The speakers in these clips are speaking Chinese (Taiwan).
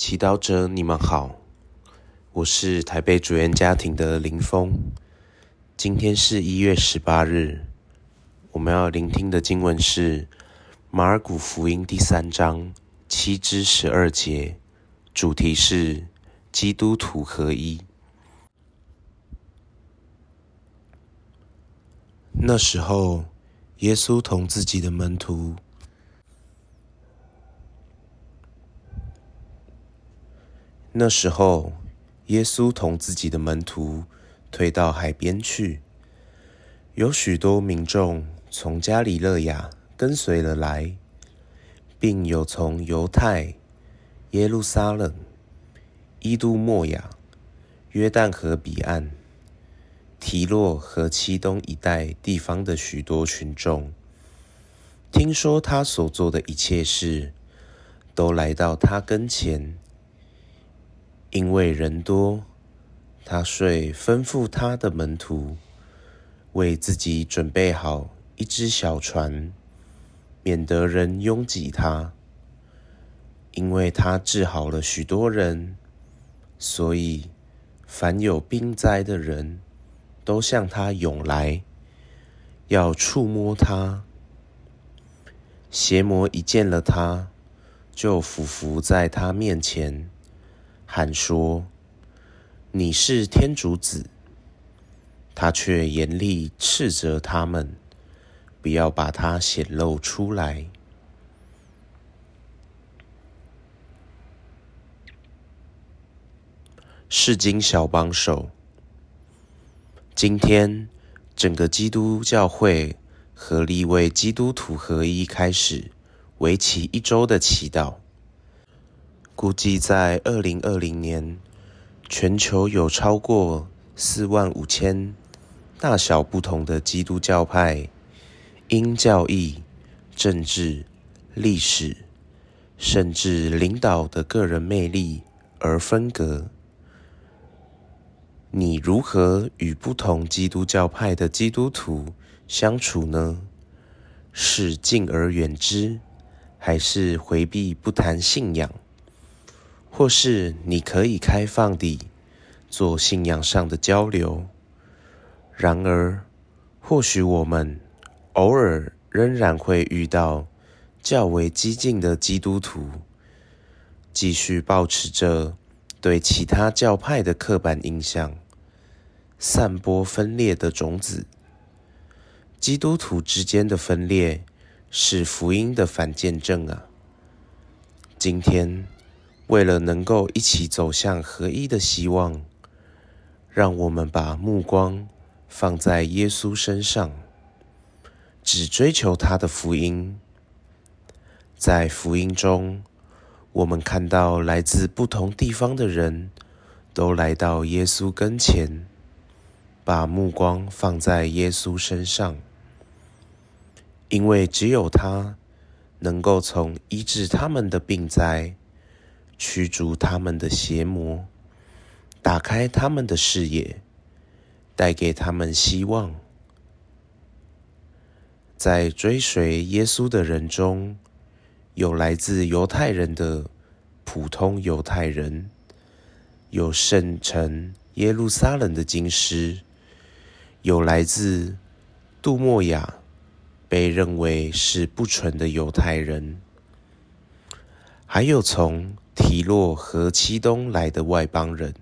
祈禱者，你們好，我是台北主言家庭的林峰。今天是一月十八日，我們要聆聽的經文是《馬爾谷福音》第三章七至十二節，主題是基督徒合一。那時候，耶穌同自己的門徒。那時候，耶穌同自己的門徒退到海邊去，有許多民眾從加里肋亞跟隨了來，並有從猶太、耶路撒冷、依杜默雅、約旦河彼岸、提洛和漆冬一帶地方的許多群眾，聽說他所做的一切事，都來到他跟前。因為人多，他遂吩咐他的門徒，為自己準備好一隻小船，免得人擁擠他。因為他治好了許多人，所以凡有病災的人都向他湧來，要觸摸他。邪魔一見了他，就俯伏在他面前，喊說：“你是天主子。”他卻嚴厲斥責他們，不要把他顯露出來。釋經小幫手，今天整個基督教會合力為基督徒合一開始為期一周的祈禱。估計在二零二零年，全球有超過四萬五千大小不同的基督教派，因教義、政治、歷史，甚至領導的個人魅力而分隔。你如何與不同基督教派的基督徒相處呢？是敬而遠之，還是回避不談信仰？或是你可以開放地做信仰上的交流。然而，或許我們偶爾仍然會遇到較為激進的基督徒，繼續抱持著對其他教派的刻板印象，散播分裂的種子。基督徒之間的分裂是福音的反見證啊！今天，為了能夠一起走向合一的希望，讓我們把目光放在耶穌身上，只追求他的福音。在福音中，我們看到來自不同地方的人都來到耶穌跟前，把目光放在耶穌身上，因為只有他能夠從醫治他們的病災。驅逐他們的邪魔，打開他們的視野，帶給他們希望。在追隨耶穌的人中，有來自猶太人的普通猶太人，有聖城耶路撒冷的經師，有來自杜默雅被認為是不純的猶太人，還有從。提洛和漆冬來的外邦人，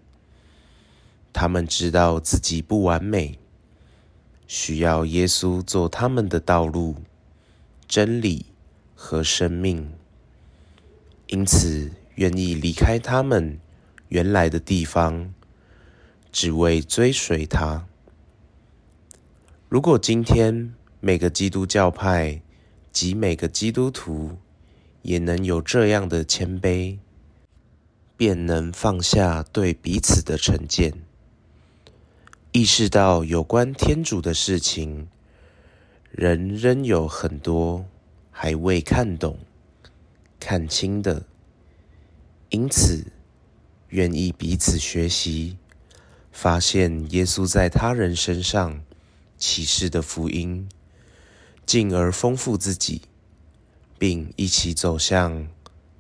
他們知道自己不完美，需要耶穌做他們的道路、真理和生命，因此願意離開他們原來的地方，只為追隨他。如果今天每個基督教派及每個基督徒也能有這樣的謙卑，便能放下對彼此的成見，意識到有關天主的事情，人仍有很多還未看懂、看清的，因此願意彼此學習，發現耶穌在他人身上啟示的福音，進而豐富自己，並一起走向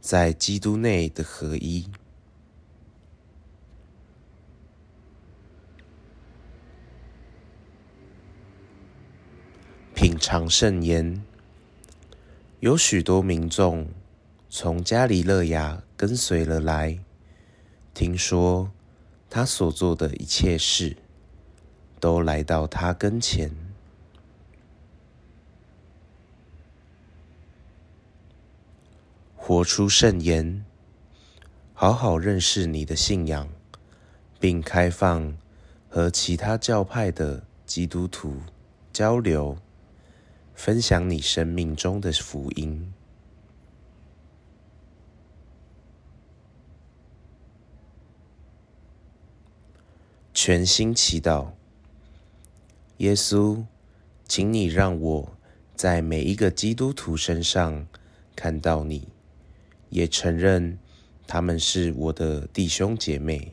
在基督內的合一。品嚐聖言，有許多民眾從加里肋亞跟隨了來，聽說他所做的一切事，都來到他跟前。活出聖言，好好認識你的信仰，並開放和其他教派的基督徒交流。分享你生命中的福音。全心祈禱。耶穌，請你讓我在每一個基督徒身上看到你，也承認他們是我的弟兄姐妹。